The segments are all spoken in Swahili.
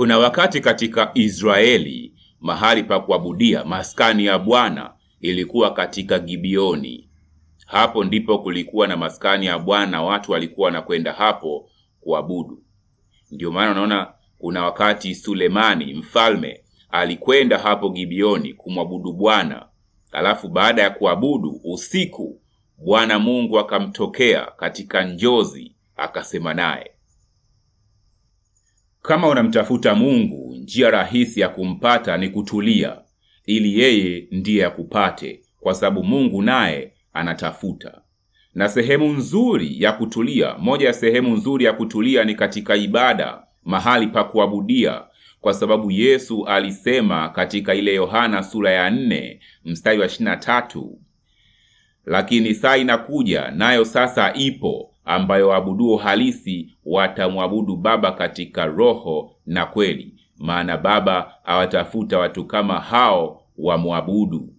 Kuna wakati katika Israeli mahali pa kuabudia maskani ya Bwana ilikuwa katika gibioni Hapo ndipo kulikuwa na maskani ya Bwana, watu walikuwa wanakwenda hapo kuabudu. Ndio maana unaona kuna wakati Sulemani mfalme alikwenda hapo gibioni kumwabudu Bwana, alafu baada ya kuabudu usiku, Bwana Mungu akamtokea katika njozi akasema naye. Kama unamtafuta Mungu, njia rahisi ya kumpata ni kutulia, ili yeye ndiye akupate, kwa sababu Mungu naye anatafuta. Na sehemu nzuri ya kutulia, moja ya sehemu nzuri ya kutulia ni katika ibada, mahali pa kuabudia, kwa sababu Yesu alisema katika ile Yohana sura ya nne mstari wa 23, lakini saa inakuja nayo sasa ipo ambayo waabuduo halisi watamwabudu Baba katika roho na kweli, maana Baba awatafuta watu kama hao wamwabudu.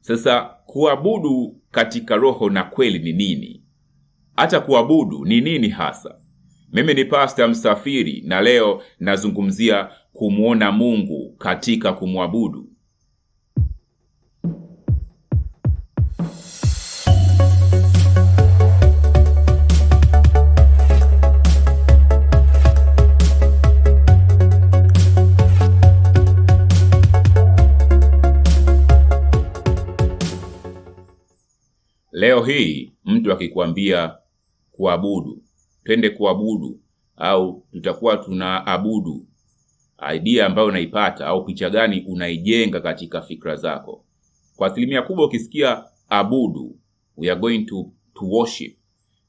Sasa kuabudu katika roho na kweli ni nini? Hata kuabudu ni nini hasa? Mimi ni Pasta Msafiri na leo nazungumzia kumwona Mungu katika kumwabudu. Leo hii mtu akikwambia kuabudu, twende kuabudu au tutakuwa tunaabudu, idea ambayo unaipata au picha gani unaijenga katika fikra zako? Kwa asilimia kubwa ukisikia abudu, we are going to, to worship,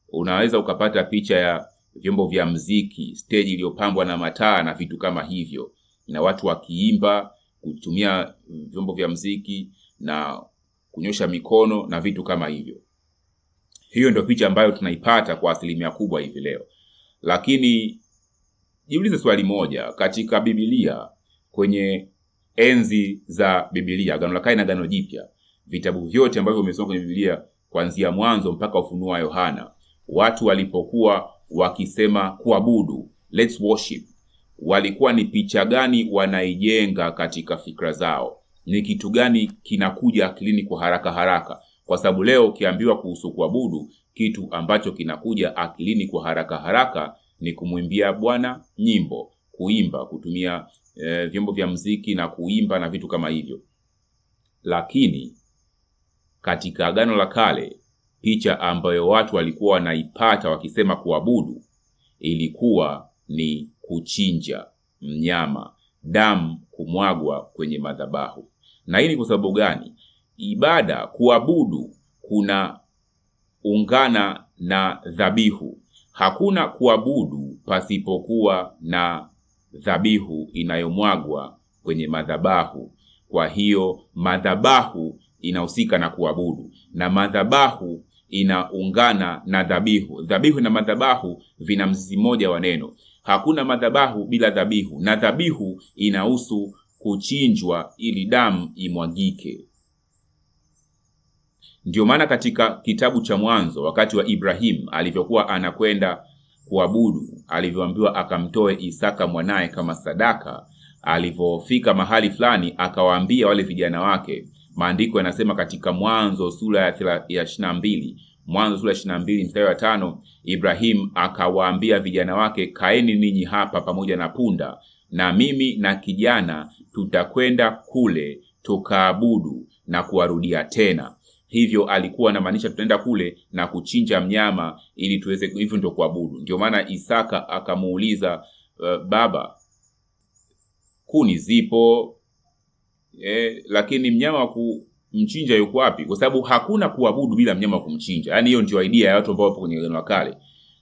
unaweza ukapata picha ya vyombo vya mziki, stage iliyopambwa na mataa na vitu kama hivyo, na watu wakiimba kutumia vyombo vya mziki na kunyosha mikono na vitu kama hivyo. Hiyo ndio picha ambayo tunaipata kwa asilimia kubwa hivi leo, lakini jiulize swali moja, katika Biblia kwenye enzi za Biblia, gano la Kale na gano Jipya, vitabu vyote ambavyo umesoma kwenye Biblia kuanzia Mwanzo mpaka Ufunuo wa Yohana, watu walipokuwa wakisema kuabudu, let's worship, walikuwa ni picha gani wanaijenga katika fikra zao? Ni kitu gani kinakuja akilini kwa haraka haraka? kwa sababu leo ukiambiwa kuhusu kuabudu, kitu ambacho kinakuja akilini kwa haraka haraka ni kumwimbia Bwana nyimbo, kuimba, kutumia e, vyombo vya mziki na kuimba na vitu kama hivyo. Lakini katika Agano la Kale, picha ambayo watu walikuwa wanaipata wakisema kuabudu ilikuwa ni kuchinja mnyama, damu kumwagwa kwenye madhabahu. Na hii ni kwa sababu gani? ibada kuabudu kuna ungana na dhabihu. Hakuna kuabudu pasipokuwa na dhabihu inayomwagwa kwenye madhabahu. Kwa hiyo madhabahu inahusika na kuabudu na madhabahu inaungana na dhabihu. Dhabihu na madhabahu vina mzizi mmoja wa neno. Hakuna madhabahu bila dhabihu, na dhabihu inahusu kuchinjwa ili damu imwagike. Ndiyo maana katika kitabu cha Mwanzo, wakati wa Ibrahim alivyokuwa anakwenda kuabudu, alivyoambiwa akamtoe Isaka mwanaye kama sadaka, alivyofika mahali fulani akawaambia wale vijana wake, maandiko yanasema katika Mwanzo sura ya ishirini Mwanzo sura ya na mstari wa tano Ibrahim akawaambia vijana wake, kaeni ninyi hapa pamoja na punda, na mimi na kijana tutakwenda kule tukaabudu na kuwarudia tena hivyo alikuwa anamaanisha tutaenda kule na kuchinja mnyama ili tuweze, hivyo ndio kuabudu. Ndio maana Isaka akamuuliza uh, baba, kuni zipo eh, lakini mnyama wa kumchinja yuko wapi? Kwa sababu hakuna kuabudu bila mnyama wa kumchinja. Yaani hiyo ndio idea ya watu ambao wapo kwenye Agano Kale,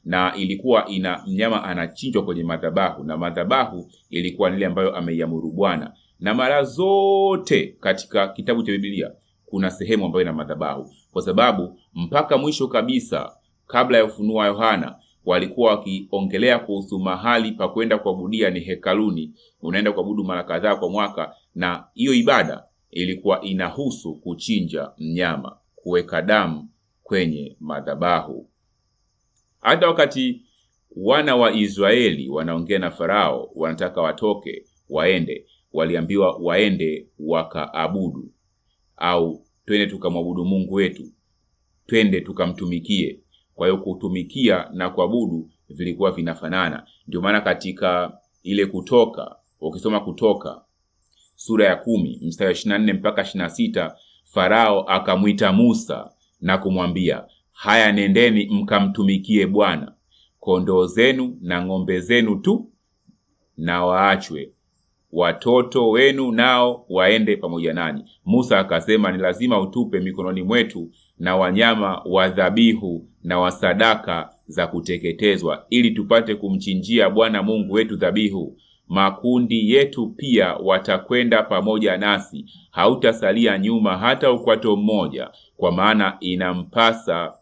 na ilikuwa ina mnyama anachinjwa kwenye madhabahu, na madhabahu ilikuwa ile ambayo ameiamuru Bwana, na mara zote katika kitabu cha Biblia kuna sehemu ambayo ina madhabahu, kwa sababu mpaka mwisho kabisa kabla ya ufunuo wa Yohana walikuwa wakiongelea kuhusu mahali pa kwenda kuabudia ni hekaluni. Unaenda kuabudu mara kadhaa kwa mwaka, na hiyo ibada ilikuwa inahusu kuchinja mnyama, kuweka damu kwenye madhabahu. Hata wakati wana wa Israeli wanaongea na Farao, wanataka watoke waende, waliambiwa waende wakaabudu au twende tukamwabudu Mungu wetu, twende tukamtumikie. Kwa hiyo kutumikia na kuabudu vilikuwa vinafanana. Ndio maana katika ile Kutoka, ukisoma Kutoka sura ya kumi mstari wa ishirini nne mpaka sita Farao akamwita Musa na kumwambia, haya nendeni mkamtumikie Bwana, kondoo zenu na ng'ombe zenu tu na waachwe watoto wenu nao waende pamoja nanyi. Musa akasema, ni lazima utupe mikononi mwetu na wanyama wa dhabihu na wasadaka za kuteketezwa, ili tupate kumchinjia Bwana Mungu wetu dhabihu. Makundi yetu pia watakwenda pamoja nasi, hautasalia nyuma hata ukwato mmoja, kwa maana inampasa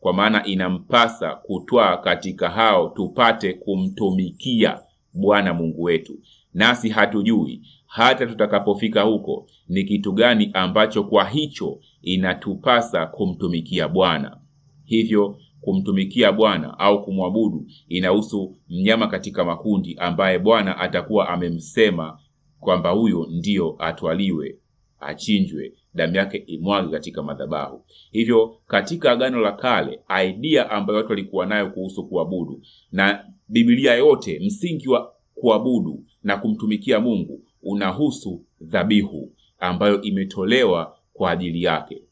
kwa maana inampasa kutwaa katika hao tupate kumtumikia Bwana Mungu wetu nasi hatujui hata tutakapofika huko ni kitu gani ambacho kwa hicho inatupasa kumtumikia Bwana. Hivyo kumtumikia Bwana au kumwabudu inahusu mnyama katika makundi ambaye Bwana atakuwa amemsema kwamba huyo ndiyo atwaliwe, achinjwe, damu yake imwage katika madhabahu. Hivyo katika Agano la Kale, aidia ambayo watu walikuwa nayo kuhusu kuabudu na bibilia yote, msingi wa kuabudu na kumtumikia Mungu unahusu dhabihu ambayo imetolewa kwa ajili yake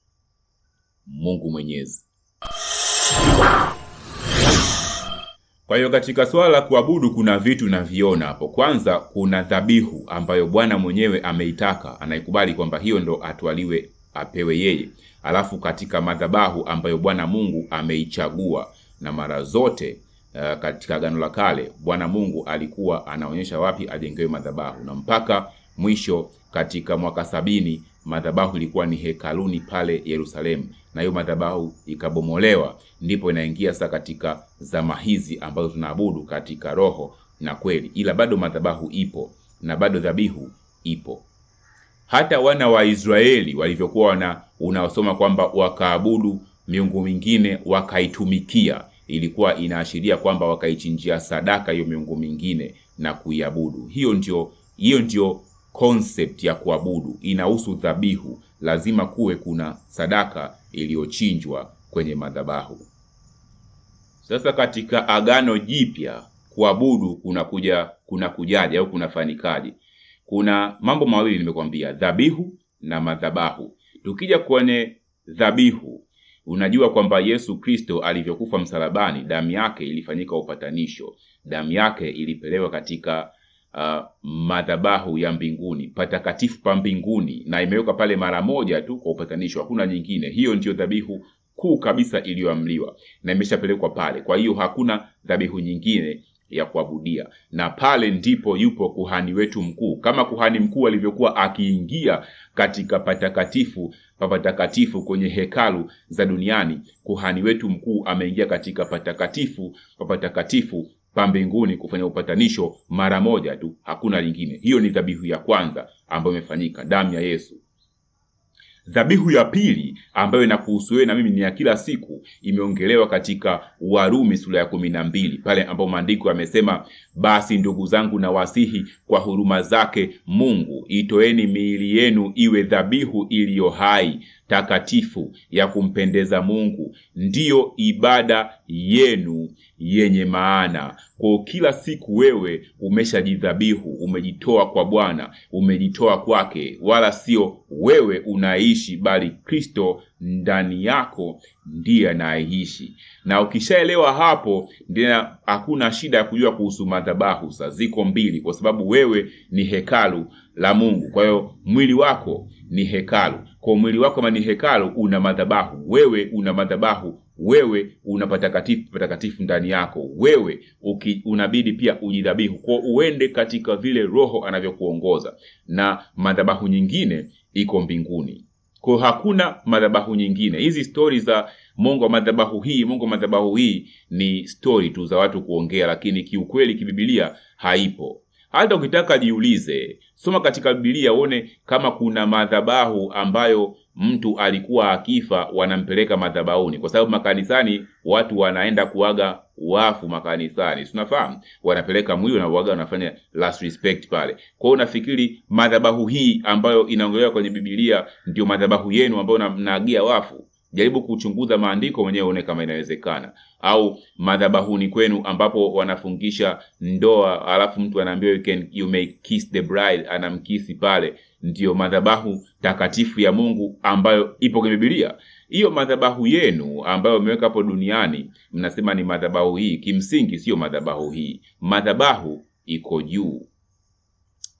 Mungu Mwenyezi. Kwa hiyo katika swala la kuabudu kuna vitu naviona hapo. Kwanza kuna dhabihu ambayo Bwana mwenyewe ameitaka, anaikubali kwamba hiyo ndo atwaliwe apewe yeye. Alafu katika madhabahu ambayo Bwana Mungu ameichagua, na mara zote Eh, katika Agano la Kale Bwana Mungu alikuwa anaonyesha wapi ajengewe madhabahu, na mpaka mwisho katika mwaka sabini madhabahu ilikuwa ni hekaluni pale Yerusalemu, na hiyo madhabahu ikabomolewa. Ndipo inaingia sasa katika zama hizi ambazo tunaabudu katika roho na kweli, ila bado madhabahu ipo na bado dhabihu ipo. Hata wana wa Israeli walivyokuwa wana unaosoma kwamba wakaabudu miungu mingine wakaitumikia, ilikuwa inaashiria kwamba wakaichinjia sadaka hiyo miungu mingine na kuiabudu. Hiyo ndio hiyo ndio concept ya kuabudu, inahusu dhabihu. Lazima kuwe kuna sadaka iliyochinjwa kwenye madhabahu. Sasa katika Agano Jipya kuabudu kuna kujaje au kunafanikaje? Kuna mambo mawili nimekwambia, dhabihu na madhabahu. Tukija kwenye dhabihu, Unajua kwamba Yesu Kristo alivyokufa msalabani, damu yake ilifanyika upatanisho, damu yake ilipelewa katika uh, madhabahu ya mbinguni, patakatifu pa mbinguni, na imewekwa pale mara moja tu kwa upatanisho, hakuna nyingine. Hiyo ndiyo dhabihu kuu kabisa iliyoamriwa na imeshapelekwa pale. Kwa hiyo hakuna dhabihu nyingine ya kuabudia, na pale ndipo yupo kuhani wetu mkuu, kama kuhani mkuu alivyokuwa akiingia katika patakatifu papatakatifu kwenye hekalu za duniani. Kuhani wetu mkuu ameingia katika patakatifu papatakatifu pa mbinguni kufanya upatanisho mara moja tu, hakuna lingine. Hiyo ni dhabihu ya kwanza ambayo imefanyika, damu ya Yesu. Dhabihu ya pili ambayo inakuhusu wewe na mimi ni ya kila siku, imeongelewa katika Warumi sura ya kumi na mbili pale ambapo maandiko yamesema, basi ndugu zangu, na wasihi kwa huruma zake Mungu, itoeni miili yenu iwe dhabihu iliyo hai takatifu ya kumpendeza Mungu ndiyo ibada yenu yenye maana. Kwa kila siku wewe umeshajidhabihu, umejitoa kwa Bwana, umejitoa kwake, wala sio wewe unaishi, bali Kristo ndani yako ndiye anayeishi. Na ukishaelewa hapo, ndio hakuna shida ya kujua kuhusu madhabahu. za ziko mbili, kwa sababu wewe ni hekalu la Mungu, kwa hiyo mwili wako ni hekalu kwa mwili wako kama ni hekalo, una madhabahu wewe, una madhabahu wewe, una patakatifu patakatifu ndani yako wewe uki, unabidi pia ujidhabihu, kwa uende katika vile Roho anavyokuongoza, na madhabahu nyingine iko mbinguni. Kwa hakuna madhabahu nyingine. Hizi stori za Mungu wa madhabahu hii, Mungu wa madhabahu hii ni stori tu za watu kuongea, lakini kiukweli kibibilia haipo. Hata ukitaka jiulize, soma katika Biblia uone kama kuna madhabahu ambayo mtu alikuwa akifa wanampeleka madhabahuni, kwa sababu makanisani watu wanaenda kuaga wafu makanisani, tunafahamu wanapeleka mwili na uaga, wanafanya last respect pale. Kwa hiyo nafikiri madhabahu hii ambayo inaongelewa kwenye Biblia ndio madhabahu yenu ambayo mnaagia wafu jaribu kuchunguza maandiko mwenyewe uone kama inawezekana, au madhabahuni kwenu ambapo wanafungisha ndoa, alafu mtu anaambiwa you can you may kiss the bride, anamkisi pale. Ndiyo madhabahu takatifu ya Mungu ambayo ipo kwenye Biblia. Hiyo madhabahu yenu ambayo mmeweka hapo duniani, mnasema ni madhabahu hii, kimsingi siyo madhabahu hii. Madhabahu iko juu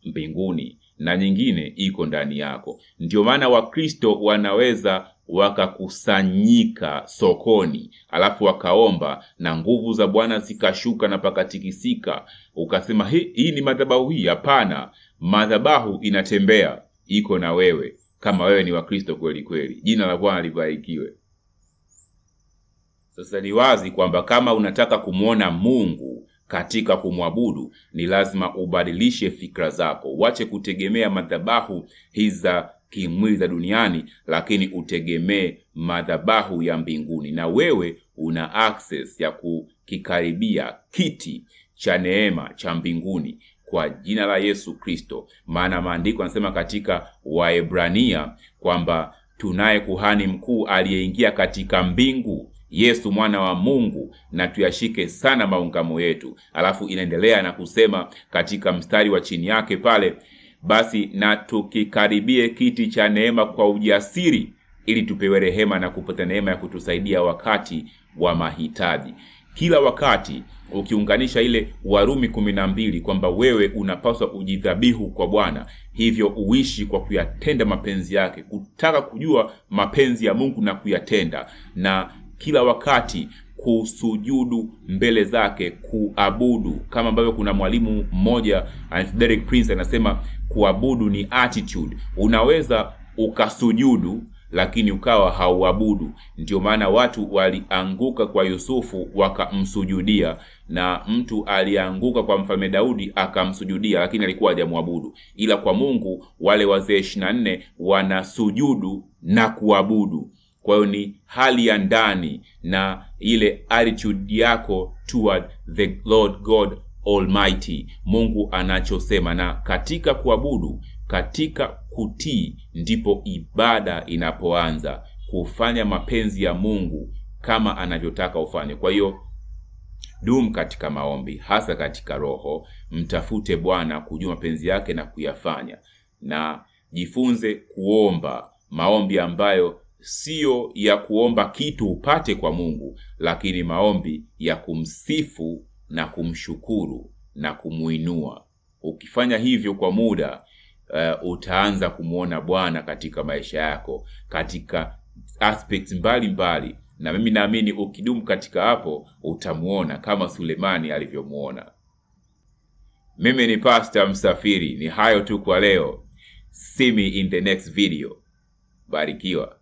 mbinguni na nyingine iko ndani yako. Ndio maana Wakristo wanaweza wakakusanyika sokoni, alafu wakaomba na nguvu za Bwana zikashuka na pakatikisika, ukasema hii ni madhabahu hii? Hapana, madhabahu inatembea, iko na wewe, kama wewe ni Wakristo kweli kweli. Jina la Bwana libarikiwe. Sasa ni wazi kwamba kama unataka kumwona Mungu katika kumwabudu, ni lazima ubadilishe fikra zako, uache kutegemea madhabahu hizi za kimwili za duniani, lakini utegemee madhabahu ya mbinguni, na wewe una akses ya kukikaribia kiti cha neema cha mbinguni kwa jina la Yesu Kristo. Maana maandiko yanasema katika Waebrania kwamba tunaye kuhani mkuu aliyeingia katika mbingu Yesu mwana wa Mungu, na tuyashike sana maungamo yetu. Alafu inaendelea na kusema katika mstari wa chini yake pale, basi na tukikaribie kiti cha neema kwa ujasiri, ili tupewe rehema na kupata neema ya kutusaidia wakati wa mahitaji. Kila wakati ukiunganisha ile Warumi kumi na mbili kwamba wewe unapaswa ujidhabihu kwa Bwana, hivyo uishi kwa kuyatenda mapenzi yake, kutaka kujua mapenzi ya Mungu na kuyatenda na kila wakati kusujudu mbele zake, kuabudu kama ambavyo kuna mwalimu mmoja Derek Prince anasema kuabudu ni attitude. Unaweza ukasujudu lakini ukawa hauabudu. Ndio maana watu walianguka kwa Yusufu wakamsujudia, na mtu alianguka kwa mfalme Daudi akamsujudia, lakini alikuwa hajamwabudu. Ila kwa Mungu wale wazee ishirini na nne wanasujudu na kuabudu. Kwa hiyo ni hali ya ndani na ile attitude yako toward the Lord God Almighty, Mungu anachosema. Na katika kuabudu, katika kutii, ndipo ibada inapoanza, kufanya mapenzi ya Mungu kama anavyotaka ufanye. Kwa hiyo dum katika maombi, hasa katika roho. Mtafute Bwana kujua mapenzi yake na kuyafanya, na jifunze kuomba maombi ambayo siyo ya kuomba kitu upate kwa Mungu, lakini maombi ya kumsifu na kumshukuru na kumuinua. Ukifanya hivyo kwa muda uh, utaanza kumwona Bwana katika maisha yako katika aspects mbalimbali mbali. Na mimi naamini ukidumu katika hapo utamuona kama Sulemani alivyomuona. Mimi ni Pastor Msafiri, ni hayo tu kwa leo. See me in the next video. Barikiwa.